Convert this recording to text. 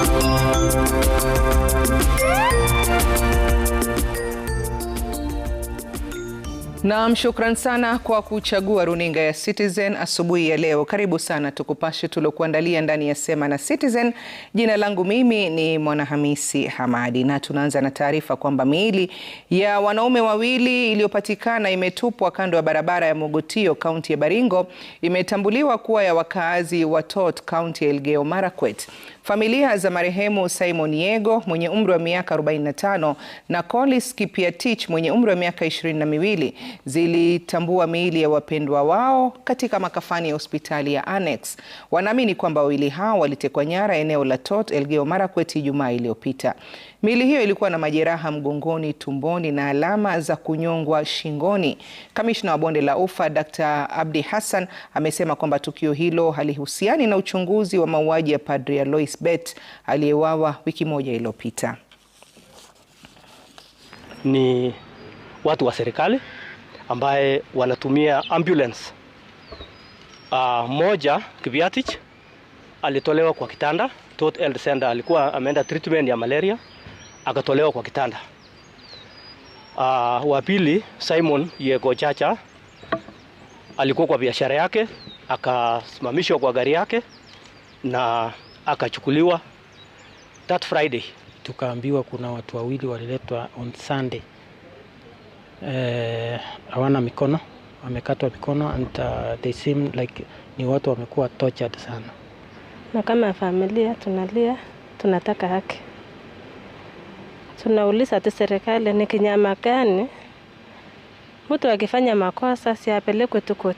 Thank you. Naam, shukran sana kwa kuchagua runinga ya Citizen asubuhi ya leo. Karibu sana tukupashe tuliokuandalia ndani ya Sema na Citizen. Jina langu mimi ni Mwanahamisi Hamadi, na tunaanza na taarifa kwamba miili ya wanaume wawili iliyopatikana imetupwa kando ya barabara ya Mogotio, kaunti ya Baringo, imetambuliwa kuwa ya wakaazi wa Tot, kaunti ya Elgeyo Marakwet. Familia za marehemu Simon Yego mwenye umri wa miaka 45 na Collis Kipiatich mwenye umri wa miaka ishirini na miwili zilitambua miili ya wapendwa wao katika makafani ya hospitali ya Annex. Wanaamini kwamba wawili hao walitekwa nyara eneo la Tot, Elgeyo Marakwet Ijumaa iliyopita. Miili hiyo ilikuwa na majeraha mgongoni, tumboni na alama za kunyongwa shingoni. Kamishna wa bonde la Ufa Dr. Abdi Hassan amesema kwamba tukio hilo halihusiani na uchunguzi wa mauaji ya Padri Alois Bet aliyewawa wiki moja iliyopita. Ni watu wa serikali ambaye wanatumia ambulance. Uh, moja Kibiatich alitolewa kwa kitanda Tot Health Center, alikuwa ameenda treatment ya malaria akatolewa kwa kitanda. Uh, wa pili Simon Yego Chacha alikuwa kwa biashara yake akasimamishwa kwa gari yake na akachukuliwa that Friday. Tukaambiwa kuna watu wawili waliletwa on Sunday Eh, hawana eh, mikono, wamekatwa mikono and uh, they seem like ni watu wamekuwa tortured sana, na kama familia tunalia, tunataka haki. Tunauliza ati serikali ni kinyama gani mtu akifanya makosa siapelekwe tu koti.